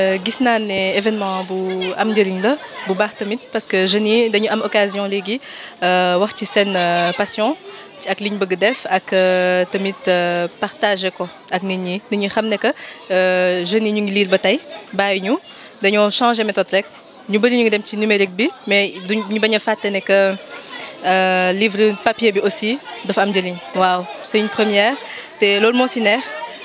Euh, gis naa ne événement bu am njëriñ la bu baax tamit parce que jeunes yi dañu am occasion léegi euh, wax ci seen euh, passion ci ak liñ bëgg def ak tamit partager ko ak nit ñi nit ñi xam ne que jeunes yi ñu ngi liir ba tey bàyyi ñu dañoo changer méthode rek ñu bëri ñu ngi dem ci numérique bi mais ñu bañ a fàtte ne Euh, livre papier bi aussi dafa am njëriñ waaw c'est une première te loolu moo si neex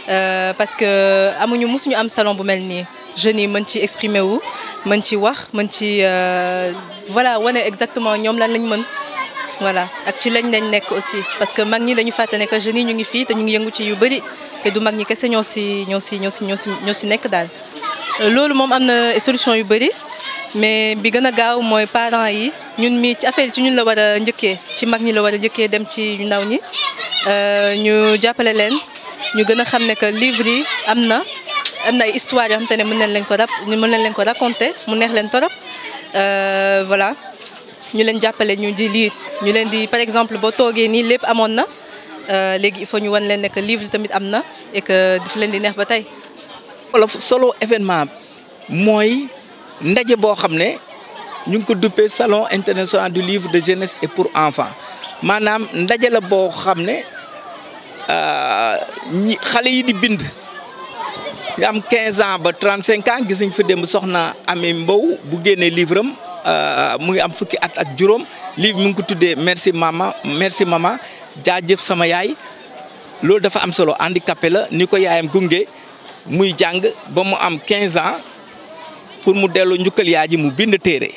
euh, parce que amuñu mosuñu am salon bu mel nii jeunes yi mën ci exprimer wu mën ci wax mën ci euh, voilà wane exactement ñoom lan lañ mën voilà ak ci lañ lañ nekk aussi parce que mag ñi dañu fàtte ne que jeunes yi ñu ngi fii te ñu ngi yëngu ci yu bëri te du mag ñi kese ñoo si ñoo si ñoo si ñoo si ñoo si nekk daal loolu moom am na solution yu bëri mais bi gën a gaaw mooy parent yi ñun mii ci affaire ci ñun la war a njëkkee ci mag ñi la war a njëkkee dem ci ñu ndaw ñi euh, ñu jàppale leen ñu gën a xam ne que livre yi am na am na ay histoire yoo xam te ne mën nañ leen ko rap mën nañ leen ko raconter mu neex leen torop euh, voilà ñu leen jàppale ñu di lire ñu leen di par exemple boo toogee nii lépp amoon na euh, léegi il faut ñu wan leen ne que tamit am na et dafa leen di neex ba tey. wolof solo événement mooy. ndaje boo xam ne ñu ngi ko duppee salon international du livre de jeunesse et pour enfants maanaam ndaje la boo xam ne euh, ñi xale yi di bind. ñu am 15 ans ba 35 ans gis nañ fi démb soxna Ami Mbow bu génnee livre am euh, mu ngi am fukki at ak juróom livre mu ngi ko tuddee merci maman merci maman jaajëf sama yaay loolu dafa am solo handicapé la ni ko yaayam gunge muy jàng ba mu am 15 ans. pour mu dellu njukkal yaay mu bind téere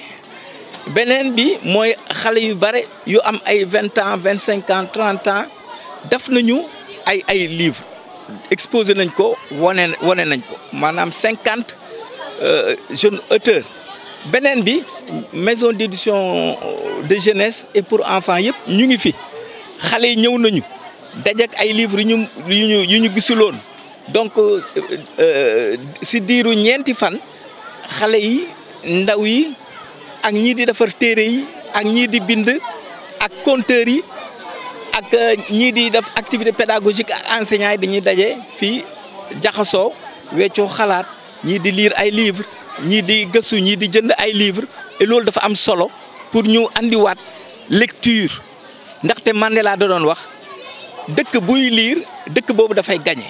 beneen bi mooy xale yu bare yu am ay vingt ans vingt cinq ans trente ans def nañu ay ay livres exposé nañ ko wane wane nañ ko maanaam cinquante euh, jeunes auteurs beneen bi maison d'édition euh, de jeunesse et pour enfants yëpp ñu ngi fi xale yi ñëw nañu dajak ay livres yu ñu yu ñu yu ñu gisuloon donc euh, si diiru ñeenti fan xale yi ndaw yi ak ñii di defar téere yi ak ñii di bind ak conteur yi ak euh, ñii di def activité pédagogique ak enseignants yi dañuy daje fii jaxasoo weccoo xalaat ñii di liir ay livres ñii di gëstu ñii di jënd ay liivre et loolu dafa am solo pour ñu andiwaat lecture ndaxte laa da doon wax dëkk buy lire dëkk boobu dafay gagner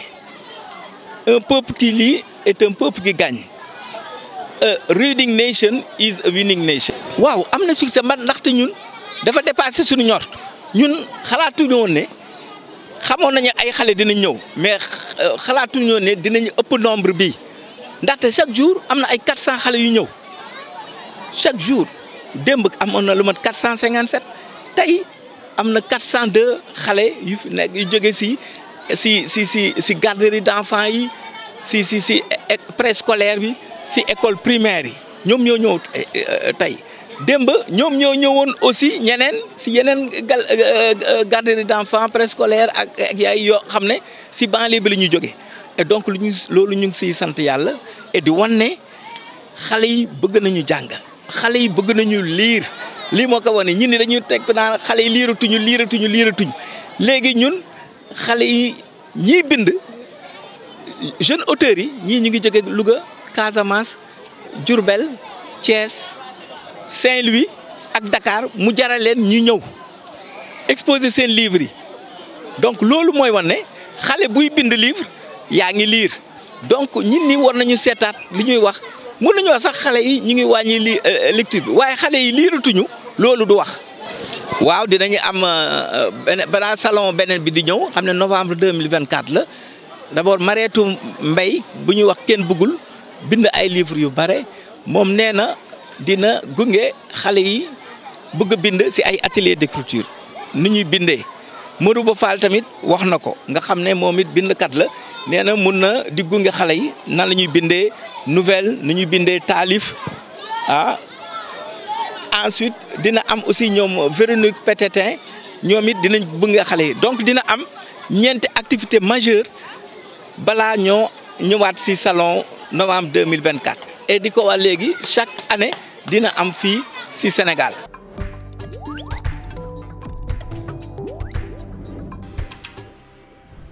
un peuple qui lit est un peuple qui gagne a euh, reading nation is a winning nation. waaw am na succès man ndaxte ñun dafa dépassé suñu ñor ñun xalaatuñu woon ne xamoon nañu ay xale dinañ ñëw mais euh, xalaatuñu woon ne dinañ ëpp nombre bi ndaxte chaque jour am na ay 400 xale yu ñëw chaque jour démb amoon na lu mat 457 tey am na 402 xale yu nekk yu jóge si si si si si garderie d'enfants yi si si si e, e, préscolaire bi. si école primaire yi ñoom ñoo ñëw eh, eh, eh, tey démb ñoom ñoo ñëwoon aussi ñeneen si yeneen gal garderie d'enfants préscolaire ak ak yaay yoo xam ne si banlieue bi la ñuy jóge donc lu ñu loolu ñu ngi siy sant yàlla et di wan ne xale yi bëgg nañu jàng xale yi bëgg nañu liir lii moo ko wane ñun ni dañuy teg naan xale yi liiratuñu liiratuñu liiratuñu léegi ñun xale yi ñiy bind jeune auteurs yi ñii ñu ngi jóge Louga Casamance jurbel Thiès Saint-Louis ak dakaar mu jaral leen ñu ñëw exposer seen livres donc loolu mooy wane ne xale buy bind livre yaa ngi liir donc ñun ñi war nañu seetaat li ñuy wax mun nañu wax sax xale yi ñu ngi wàññi li euh, euh, lecture waaye xale yi liiratuñu loolu du wax. waaw dinañu am euh, benn benn salon beneen bi di ñëw xam ne novembre deux mille vingt quatre la d'abord Marietou Mbaye bu buñuy wax kenn bëggul. bind ay livres yu bare moom nee na dina gunge xale yi bëgg a bind si ay atelier d'écriture nu ñuy bindee Modou Ba Fall tamit wax na ko nga xam ne moom it bindkat la nee na mun na di gunge xale yi nan la ñuy bindee nouvelle nu ñuy bindee taalif ah ensuite dina am aussi ñoom Véronique Pététin ñoom it dinañ gunge xale yi donc dina am ñeenti activité majeure balaa ñoo ñëwaat si salon novembre 2024 et di ko wax léegi chaque année dina am fii si Sénégal